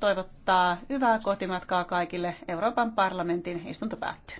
toivottaa hyvää kotimatkaa kaikille. Euroopan parlamentin istunto päättyy.